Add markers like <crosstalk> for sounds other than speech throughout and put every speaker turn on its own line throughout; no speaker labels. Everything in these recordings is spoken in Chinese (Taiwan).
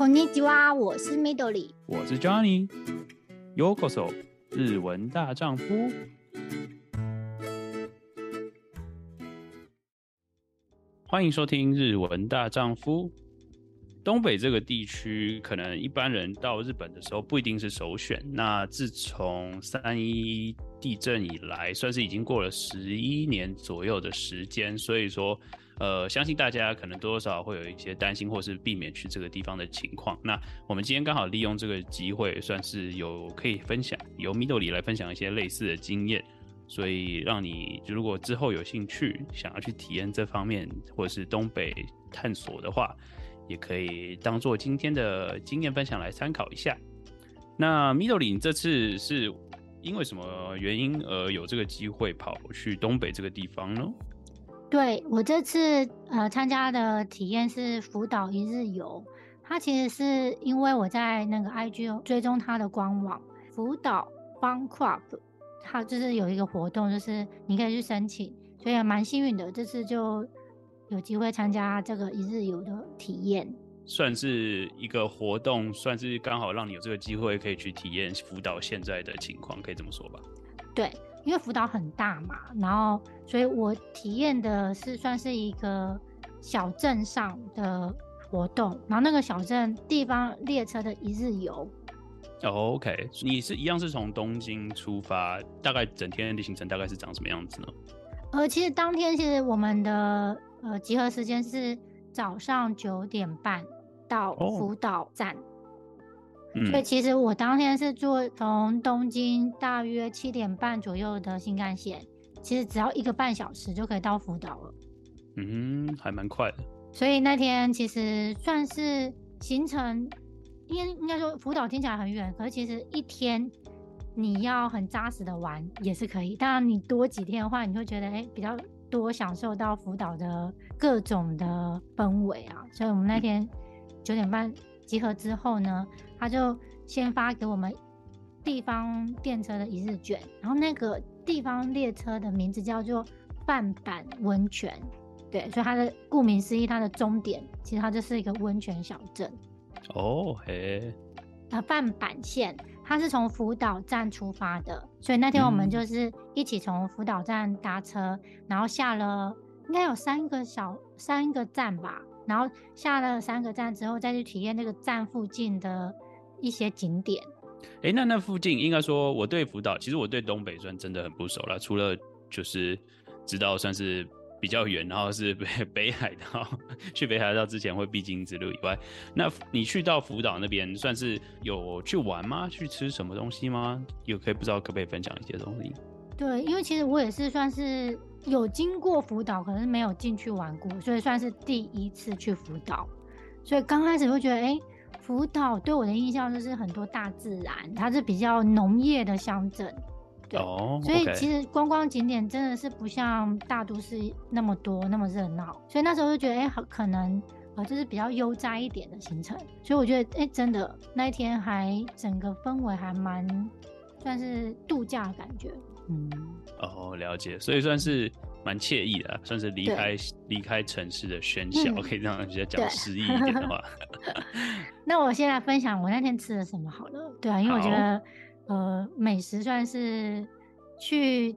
こんにちは，我是 Midori，我是 Johnny，Yokoso，日文大丈夫。歡迎收聽《日文大丈夫》。東北這個地區，可能一般人到日本的時候不一定是首選。那自從三一地震以來，算是已經過了十一年左右的時間，所以說，呃，相信大家可能多多少少會有一些擔心，或是避免去這個地方的情況。那我們今天剛好利用這個機會，算是有可以分享，由 Midori 來分享一些類似的經驗，所以讓你如果之後有興趣想要去體驗這方面，或是東北探索的話，也可以當做今天的經驗分享來參考一下。那 Midori 這次是因為什麼原因而有這個機會跑去東北這個地方呢？
對，我這次呃參加的體驗是福島一日遊，它其實是因為我在那個 IG 追蹤它的官網，福島 fanclub，它就是有一個活動，就是你可以去申請，所以還蠻幸運的，這次就有機會參加這個一日遊的體驗，
算是一個活動，算是剛好讓你有這個機會可以去體驗福島現在的情況，可以這麼說吧？
對。因為福島很大嘛，然後所以我體驗的是算是一個小鎮上的活動，然後那個小鎮地方列車的一日遊。
Oh, O.K. 你是一樣是從東京出發，大概整天的行程大概是長什麼樣子呢？
呃，其實當天其實我們的呃集合時間是早上九點半到福島站。Oh. 所以其實我當天是坐從東京大約七點半左右的新幹線，其實只要一個半小時就可以到福島
了。嗯，還蠻快的。
所以那天其實算是行程，應該應該說福島聽起來很遠，可是其實一天你要很扎實的玩也是可以。當然你多幾天的話，你會覺得哎比較多享受到福島的各種的氛圍啊。所以我們那天九點半。集合之後呢，他就先發給我們地方電車的一日券，然後那個地方列車的名字叫做飯坂溫泉，對，所以它的顧名思義，它的終點其實它就是一個溫泉小鎮。
哦嘿。
啊，飯坂線它是從福島站出發的，所以那天我們就是一起從福島站搭車，嗯，然後下了應該有三個小三個站吧。然後下了三個站之後，再去體驗那個站附近的一些景點。
哎，那那附近應該說，我對福島其實我對東北算真的很不熟了，除了就是知道算是比較遠，然後是北北海道，去北海道之前會必經之路以外，那你去到福島那邊算是有去玩嗎？去吃什麼東西嗎？有可以不知道可不可以分享一些東西？
對，因為其實我也是算是。有經過福島，可是沒有進去玩過，所以算是第一次去福島。所以剛開始會覺得，哎、欸，福島對我的印象就是很多大自然，它是比較農業的鄉鎮，
對。哦、oh, okay.。所以其實
觀光景點真的是不像大都市那麼多那麼熱鬧，所以那時候就覺得，哎、欸，好可能啊、呃，就是比較悠哉一點的行程。所以我覺得，哎、欸，真的那一天還整個氛圍還蠻算是度假的感覺。
嗯，哦，了解，所以算是蠻愜意的，算是離開離開城市的喧囂，嗯。可以這樣比較講詩意一點的話。
<laughs> <laughs> 那我現在分享我那天吃了什麼好了。對啊，因為我覺得，呃，美食算是去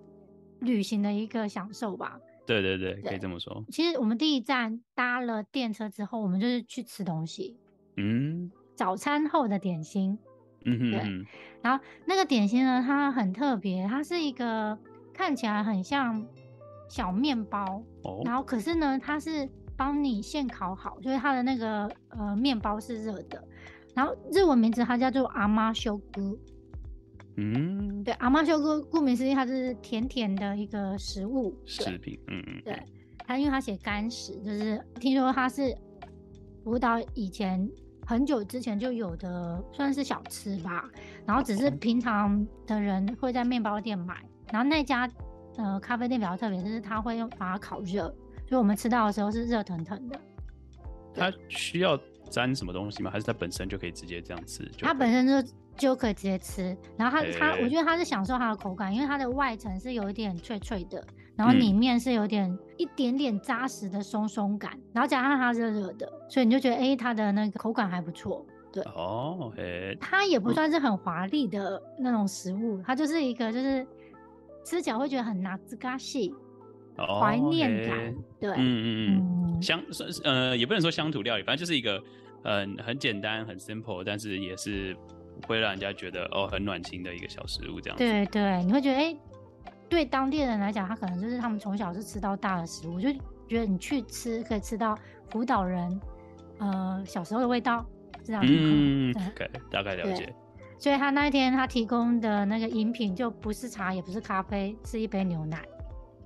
旅行的一個享受吧。
對對對，對，可以這麼說。
其實我們第一站搭了電車之後，我們就是去吃東西。嗯，嗯，早餐後的點心。嗯，哼嗯，對。然後那個點心呢，它很特別，它是一個看起來很像小麵包，哦，然後可是呢，它是幫你現烤好，所、就、以、是、它的那個呃麵包是熱的。然後日文名字它叫做阿媽修姑。嗯，對，阿媽修姑，顧名思義，它是甜甜的一個食物食品。嗯嗯，對。它因為它寫甘食，就是聽說它是福島以前。很久之前就有的，算是小吃吧，然後只是平常的人會在麵包店買。然後那家，呃，咖啡店比較特別，就是他會用把它烤熱，所以我們吃到的時候是熱騰騰的。
它需要沾什麼東西嗎？還是它本身就可以直接這樣吃？它
本身就就可以直接吃。然後它它、欸欸欸，我覺得它是享受它的口感，因為它的外層是有一點脆脆的。
然後裡面
是有點一點點紮實的鬆鬆感，嗯、然後加上它熱熱的，所以你就覺得，哎，它的那個口感還不錯。對，
哦，哎，它
也不算是很華麗的那種食物，嗯、它就是一個就是吃起來會覺得很なつかしい，
哦，懷念感，
對，嗯嗯嗯，
鄉、嗯、呃也不能說鄉土料理，反正就是一個嗯、呃、很簡單很 simple，但是也是會讓人家覺得哦，很暖心的一個小食物這樣子。對對，
你會覺得，哎。對當地人來講，他可能就是他們從小是吃到大的食物，就覺得你去吃可以吃到福島人，呃，小時候的味道，這樣。嗯 okay, 大概了解。所以他那一天他提供的那個飲品就不是茶，也不是咖啡，是一杯牛奶。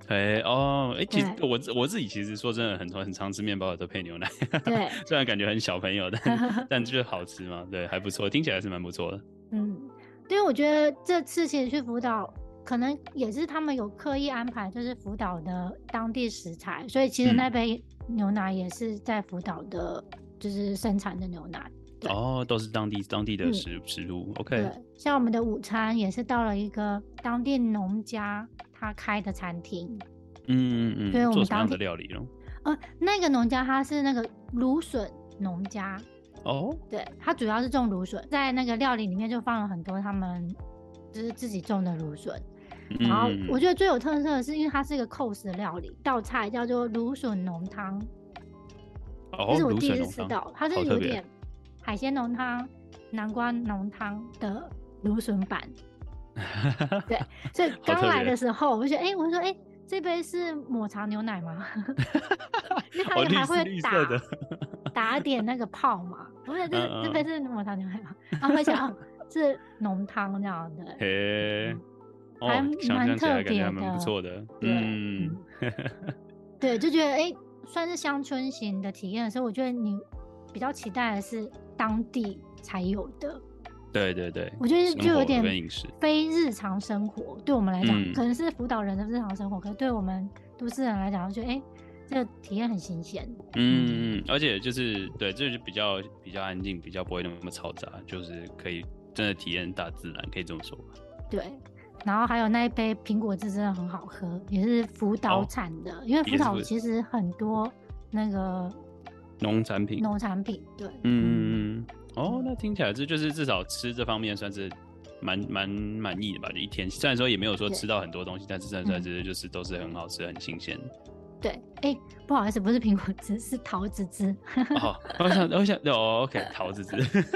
哎、okay, 哦，哎，其實我我自己其實說真的很，很常很常吃麵包都配牛奶。 <laughs> 對，雖然感覺很小朋友，但但就是好吃嘛， <laughs> 對，還不錯，聽起來是蠻不錯的。
嗯，對，我覺得這次其實去福島可能也是他們有刻意安排，就是福島的當地食材，所以其實那杯牛奶也是在福島的、嗯，就是生產的牛奶。
哦，都是當地當地的食物、嗯、食物。OK。對，
像我們的午餐也是到了一個當地農家，他開的餐廳。
嗯嗯嗯。做什麼樣的料理哦？
呃、那個農家他是那個蘆筍農家。
哦。
對，他主要是種蘆筍，在那個料理裡面就放了很多他們就是自己種的蘆筍。嗯、然後我覺得最有特色的是，因為它是一個扣式的料理，道菜叫做蘆筍濃湯，
這是我第一次吃到，它是有點
海鮮濃湯、南瓜濃湯的蘆筍版。 <laughs> 對，所以剛來的時候我就覺得，哎、欸，我說，哎、欸欸，這杯是抹茶牛奶嗎？那 <laughs> 還它還會打、 <laughs> 哦、綠色綠色 <laughs> 打點那個泡嘛？不是這嗯嗯這杯是抹茶牛奶嗎？啊， <laughs> 我想、哦、是濃湯這樣的。
還蠻特別的，不錯的，對、嗯，
嗯、 <laughs> 對，就覺得哎、欸，算是鄉村型的體驗。所以我覺得你比較期待的是當地才有的，
對對對，我覺得就有點
非日常生活，對我們來講、嗯、可能是福島人的日常生活，可是對我們都市人來講，我覺得哎、欸，這個體驗很新鮮。
嗯嗯，而且就是對，就是比較比較安靜，比較不會那麼嘈雜，就是可以真的體驗大自然，可以這麼說吧、嗯？
對。然後還有那一杯蘋果汁真的很好喝，也是福島產的、哦，因為福島其實很多那個
農產品，
農產品對。
嗯，哦，那聽起來這就是至少吃這方面算是蠻蠻滿意的吧？這一天雖然說也沒有說吃到很多東西，但是算算這些就是都是很好吃、嗯、很新鮮。
對，哎、欸，不好意思，不是蘋果汁，是桃子汁。好、哦，我 <laughs> 想、
哦，我想，哦，OK，桃子汁，
<laughs>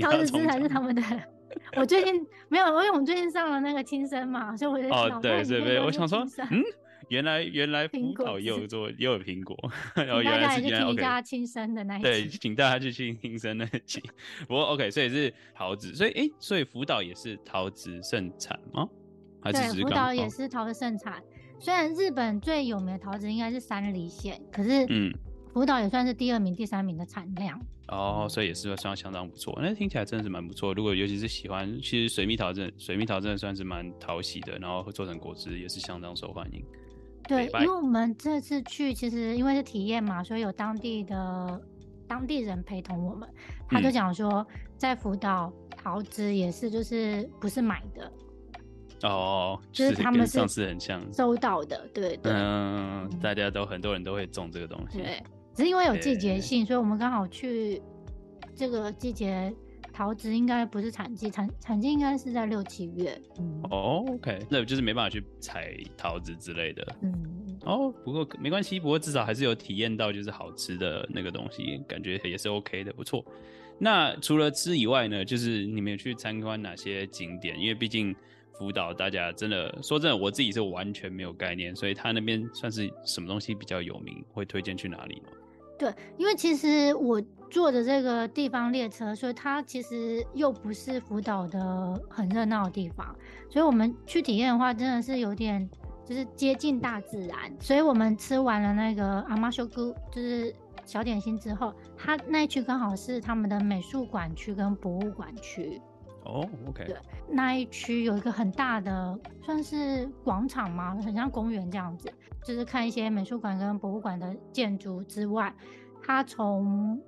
桃子汁還是他們的。 <laughs> <laughs> 我最近沒有，因為我們最近上了那個青森嘛,所以我在想，哦、oh，對對對，我想說，嗯，
原來原來福島又做，又有蘋果，果 <laughs> 然後原來是一家
青森的那一集，
請大家去聽青森那一集， <laughs> 不過 OK，所以是桃子，所以誒，所以福島也是桃子盛產嗎？而且福島也
是桃子盛產？雖然日本最有名的桃子應該是山梨縣，可是嗯。福島也算是第二名、第三名的產量
哦，所以也是說算是相當不錯。那聽起來真的是蠻不錯。如果尤其是喜歡，其實水蜜桃真的水蜜桃真的算是蠻討喜的，然後會做成果汁也是相當受歡迎。
對，對因為我們這次去其實因為是體驗嘛，所以有當地的當地人陪同我們，他就講說、嗯、在福島桃汁也是就是不是買的
哦，就是他們上次很像
收到的，對，對對，嗯，
大家都很多人都會種這個東西，對。
只是因為有季節性，hey. 所以我們剛好去這個季節，桃子應該不是產季，產產季應該是在六七月。嗯，
哦、oh，OK，那就是沒辦法去採桃子之類的。嗯，哦、oh，不過沒關係，不過至少還是有體驗到就是好吃的那個東西，感覺也是 OK 的，不錯。那除了吃以外呢，就是你們有去參觀哪些景點？因為畢竟福島大家真的，說真的，我自己是完全沒有概念，所以他那邊算是什麼東西比較有名，會推薦去哪裡嗎？
對，因為其實我坐的這個地方列車，所以它其實又不是福島的很熱鬧的地方，所以我們去體驗的話，真的是有點就是接近大自然。所以我們吃完了那個阿瑪修姑，就是小點心之後，它那一區剛好是他們的美術館區跟博物館區。哦、oh，OK，對，那一區有一個很大的，算是廣場嘛，很像公園這樣子。就是看一些美術館跟博物館的建築之外，他從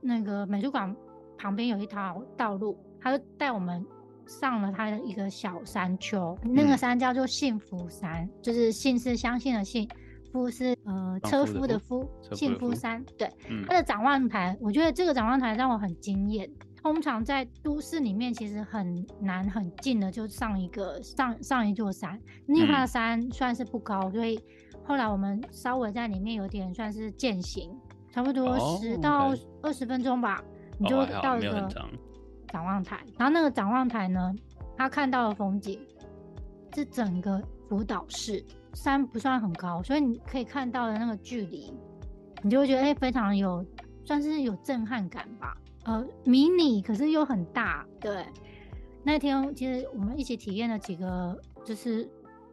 那個美術館旁邊有一條道路，他就帶我們上了他的一個小山丘、嗯。那個山叫做信夫山，就是信是相信的信，夫是呃車夫的夫，信夫山。對，他、嗯、的展望台，我覺得這個展望台讓我很驚豔。通常在都市裡面，其實很難很近的就上一個上上一座山。玉的山算是不高，嗯，所以後來我們稍微在裡面有點算是健行，差不多十到二十分鐘吧，oh, okay. 你就到一個展望台。Oh, okay. 然後那個展望台呢，它看到的風景是整個福島市，山不算很高，所以你可以看到的那個距離，你就會覺得哎、欸，非常有算是有震撼感吧。呃，迷你可是又很大。對，那天其實我們一起體驗了幾個，就是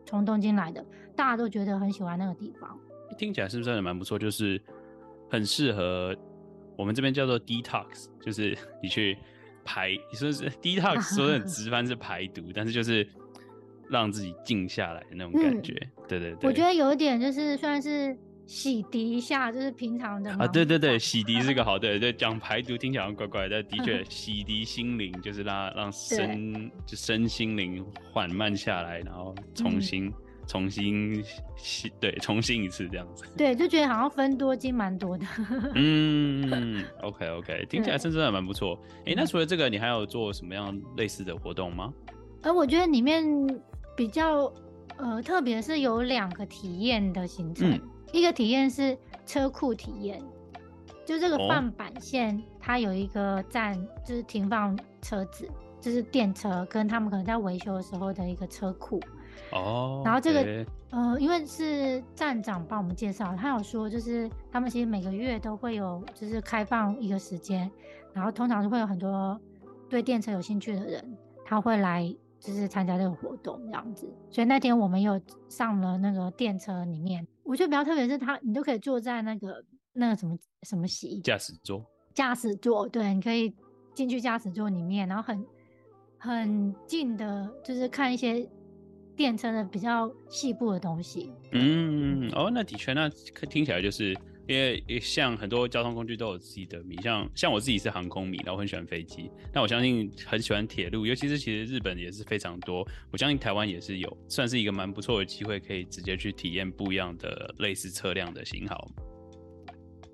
從東京來的，大家都覺得很喜歡那個地方。
聽起來是不是也蠻不錯？就是很適合我們這邊叫做 detox，就是你去排，說是 detox，說的很直翻是排毒， <laughs> 但是就是讓自己靜下來的那種感覺。嗯、對對對，我覺
得有一點就是算是。洗滌一下，就是平常的啊。對
對對，洗滌是個好對對。講排毒聽起來怪怪的，的確洗滌心靈，就是讓讓身就身心靈緩慢下來，然後重新、嗯、重新洗，對，重新一次這樣子。
對，就覺得好像分多金蠻多的。
嗯 <laughs> ，OK OK，聽起來真的蠻不錯。哎，那除了這個，你還有做什麼樣類似的活動嗎？嗯、
呃，我覺得裡面比較呃，特別是有兩個體驗的行程。嗯一個體驗是車庫體驗，就這個飯坂線，oh. 它有一個站，就是停放車子，就是電車跟他們可能在維修的時候的一個車庫。
哦、oh, okay.。然後這個，
呃，因為是站長幫我們介紹，他有說就是他們其實每個月都會有，就是開放一個時間，然後通常就會有很多對電車有興趣的人，他會來。就是參加這個活動這樣子，所以那天我們有上了那個電車裡面，我覺得比較特別是，他，你都可以坐在那個那個什麼什麼席，駕駛座，駕駛座，對，你可以進去駕駛座裡面，然後很很近的，就是看一些電車的比較細部的東西。
嗯，哦，那的確、啊，那可聽起來就是。因為像很多交通工具都有自己的迷，像像我自己是航空迷，然後我很喜歡飛機。那我相信很喜歡鐵路，尤其是其實日本也是非常多，我相信台灣也是有，算是一個蠻不錯的機會，可以直接去體驗不一樣的類似車輛的型號。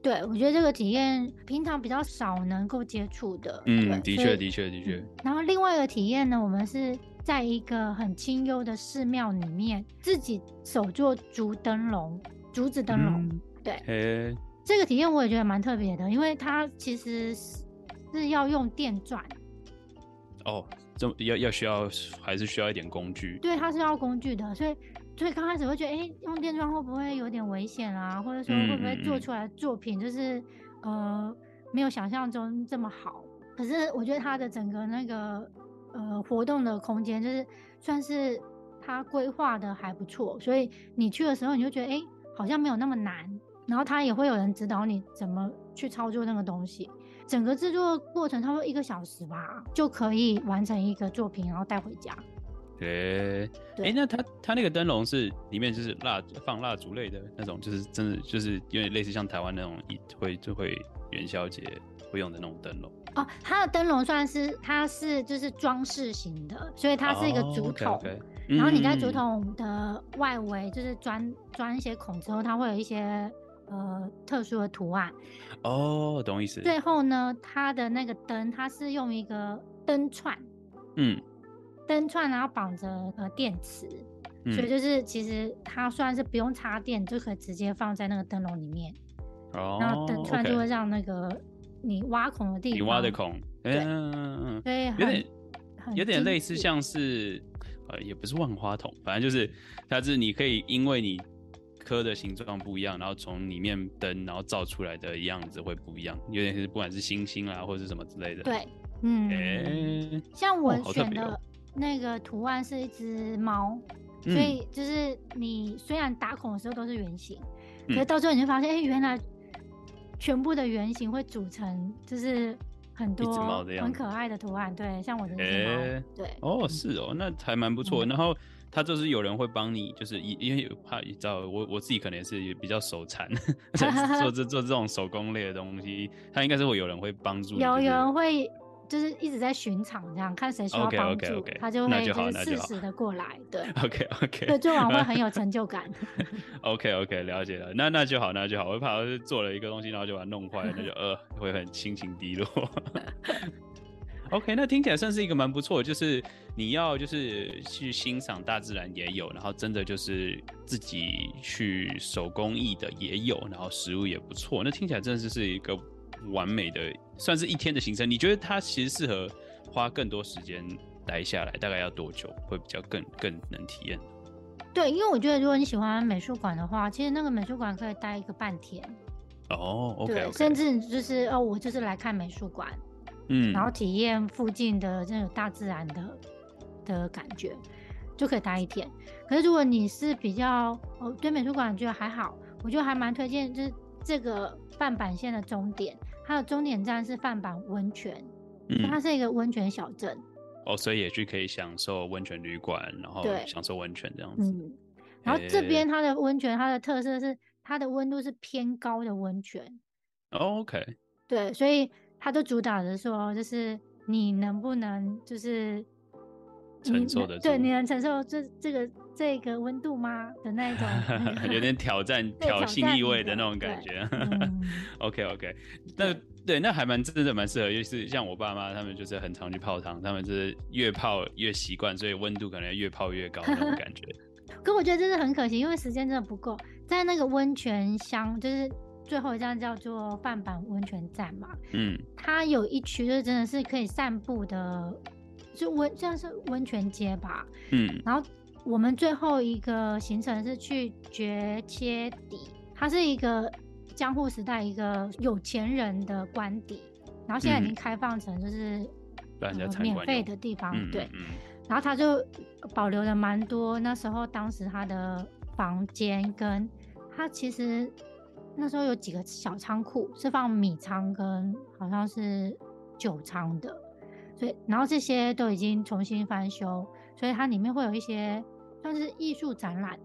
對，我覺得這個體驗平常比較少能夠接觸的。嗯，的確，
的確，的確，嗯。
然後另外一個體驗呢，我們是在一個很清幽的寺廟裡面，自己手做竹燈籠，竹子燈籠。嗯
對
，hey. 這個體驗我也覺得蠻特別的，因為它其實是是要用電鑽。哦、
oh，這麼要要需要還是需要一點工具。
對，它是要工具的，所以所以剛開始會覺得，哎、欸，用電鑽會不會有點危險啊？或者說會不會做出來作品就是、mm. 呃，沒有想象中這麼好？可是我覺得它的整個那個呃活動的空間就是算是它規劃的還不錯，所以你去的時候你就覺得，哎、欸，好像沒有那麼難。然後他也會有人指導你怎麼去操作那個東西，整個制作過程差不多一個小時吧，就可以完成一個作品，然後帶回家。
Okay. 對哎、欸，那他他那個燈籠是裡面就是蠟放蠟燭類的那種，就是真的就是有點類似像台灣那種一會就會元宵節會用的那種燈籠
哦。他的燈籠算是它是就是裝飾型的，所以它是一個竹筒，Oh, okay, okay. 然後你在竹筒的外圍就是鑽鑽、嗯嗯就是、一些孔之後，它會有一些。呃，特殊的圖案
哦，oh, 懂意思。最
後呢，它的那個燈，它是用一個燈串，嗯，燈串然後綁着呃電池、嗯，所以就是其實它雖然是不用插電，就可以直接放在那個燈籠裡面，
哦、oh,，然後燈串就會
讓那個你挖孔的地方，你挖的
孔，嗯嗯嗯，對，有
點有點類似像
是呃，也不是萬花筒，反正就是它是你可以因為你。顆的形狀不一樣，然後從裡面燈，然後照出來的樣子會不一樣，有點是不管是星星啦，或是什麼之類的。對，
嗯，欸、像我選的那個圖案是一隻貓、哦哦，所以就是你雖然打孔的時候都是圓形、嗯，可是到最後你就發現，哎、欸，原來全部的圓形會組成就是很多很可愛的圖案。對，像我的貓、欸、對，
哦，是哦，那還蠻不錯、嗯。然後。他就是有人會幫你，就是因因為怕你知道我，我我自己可能也是也比較手殘， <laughs> <laughs> 做這做這種手工類的東西，他應該是會有人會幫助你、就是。有有人
會就是一直在巡場這樣，看誰需要幫助，okay, okay, okay. 他就會適時的過來。對
，OK OK，對，做完會很
有成就感。
<laughs> OK OK，了解了，那那就好，那就好。我會怕是做了一個東西，然後就把它弄壞了， <laughs> 那就呃會很心情低落。 <laughs> OK，那聽起來算是一個蠻不錯的，就是你要就是去欣賞大自然也有，然後真的就是自己去手工藝的也有，然後食物也不錯，那聽起來真的是是一個完美的，算是一天的行程。你覺得它其實適合花更多時間待下來，大概要多久會比較更更能體驗？
對，因為我覺得如果你喜歡美術館的話，其實那個美術館可以待一個半天。
哦、oh,，OK，, okay. 對，甚
至就是哦，我就是來看美術館。嗯，然後體驗附近的這種大自然的的感覺，就可以待一天。可是如果你是比較哦，對美術館，就覺得還好，我就還蠻推薦，就是這個飯坂線的終點，它的終點站是飯坂溫泉。嗯、它是一個溫泉小鎮。
哦，所以也去可以享受溫泉旅館，然後，對，享受溫泉這樣子、
嗯。
然後這邊它
的溫泉，它的特色是它的溫度是偏高的溫泉。
哦，OK。
對，所以。他都主打的說，就是你能不能就是能
承受的對，你
能承受這這個這個溫度嗎？的那一種 <laughs> 有點
挑戰、挑釁意味的那種感覺。 <laughs> OK OK，那對，對，那還蠻真的蠻適合，尤其是像我爸媽他們就是很常去泡湯，他們就是越泡越習慣，所以溫度可能越泡越高
那種感覺。 <laughs> 可我覺得真的很可惜，因為時間真的不夠，在那個溫泉鄉就是。最後一站叫做飯坂溫泉站嘛，嗯，它有一區就真的是可以散步的，就溫這樣是溫泉街吧，嗯。然後我們最後一個行程是去絕切底，它是一個江戶時代一個有錢人的官邸，然後現在已經開放成就是、
嗯呃、免費的地方，對。
然後它就保留了蠻多那時候當時他的房間，跟他其實。那時候有幾個小倉庫是放米倉跟好像是酒倉的，所以然後這些都已經重新翻修，所以它裡面會有一些像是藝術展覽，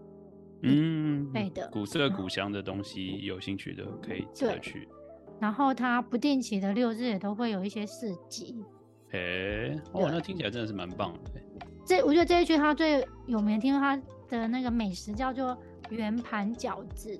嗯，對的，古色古香的東西，嗯、有興趣的可以再去。
然後它不定期的六日也都會有一些市集，
哎、欸，哇、哦哦，那聽起來真的是蠻棒的。
這我覺得這一區它最有名，聽說它的那個美食叫做圓盤餃子。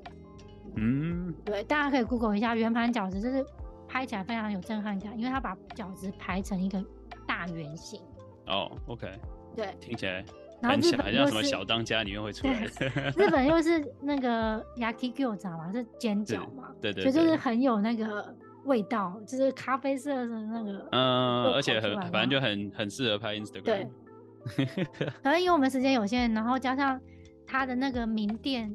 嗯，對，大家可以 Google 一下圓盤餃子，就是拍起來非常有震撼感，因為它把餃子排成一個大圓形。
哦、oh，OK。對，聽起來很，然後像什麼小當家裡面會出來。 <laughs> 日
本又是那個 Yaki Gyoza，知道嗎？是煎餃
嘛，對，對對。就就是
很有那個味道，就是咖啡色的那個。
嗯，而且很，反正就很很適合拍 Instagram。
<laughs> 可能因為我們時間有限，然後加上它的那個名店。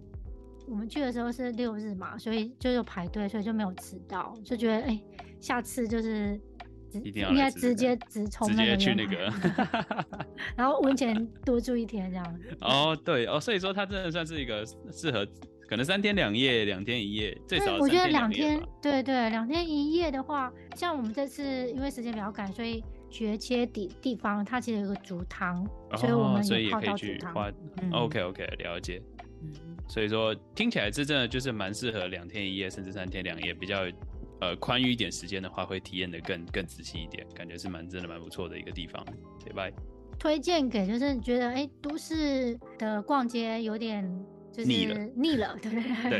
我們去的時候是六日嘛，所以就有排隊，所以就沒有吃到，就覺得哎、欸，下次就是，應該、這個、直接直衝那，那個， <laughs> 然後溫泉多住一天這樣子。
<laughs> 哦，對哦，所以說它真的算是一個適合可能三天兩夜、兩天一夜，嗯、最少天兩我覺得兩天，
對對、對，兩天一夜的話，像我們這次因為時間比較趕，所以絕切地地方它其實有個煮湯，所以我們也，泡到哦哦以也可以去花、
嗯、OK OK，了解。所以說，聽起來這真的就是蠻適合兩天一夜，甚至三天兩夜，比較呃寬裕一點時間的話，會體驗的更更仔細一點，感覺是蠻真的蠻不錯的一個地方。對、okay, 吧？
推薦給就是覺得哎、欸，都市的逛街有點就是膩了膩了，對不對，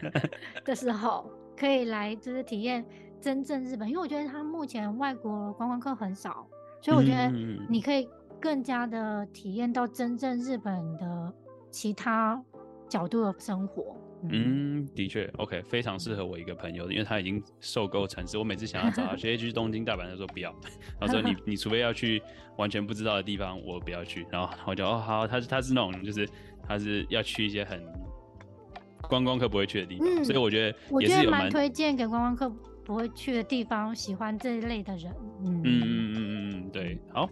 對？對。 <laughs> <laughs> 的時候可以來就是體驗真正日本，因為我覺得他目前外國觀光客很少，所以我覺得你可以更加的體驗到真正日本的，其他角度的生活，
嗯，嗯的確，OK，非常適合我一個朋友，因為他已經受夠城市。我每次想要找他去一去 <laughs> 東京、大阪，他說不要，然後說你 <laughs> 你除非要去完全不知道的地方，我不要去。然後我就哦好，他他是那種就是他是要去一些很觀光客不會去的地方，嗯、所以我覺得也是有我覺得蠻推
薦給觀光客不會去的地方，喜歡這一類的人，嗯嗯嗯嗯嗯
嗯，對，好。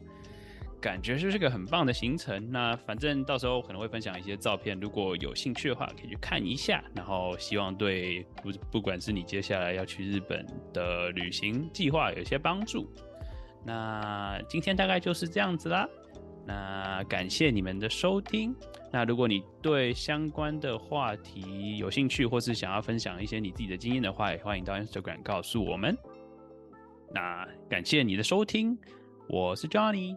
感覺就是個很棒的行程。那反正到時候可能會分享一些照片，如果有興趣的話可以去看一下。然後希望對不不管是你接下來要去日本的旅行計劃有一些幫助。那今天大概就是這樣子啦。那感謝你們的收聽。那如果你對相關的話題有興趣，或是想要分享一些你自己的經驗的話，也歡迎到 Instagram 告訴我們。那感謝你的收聽，我是 Johnny。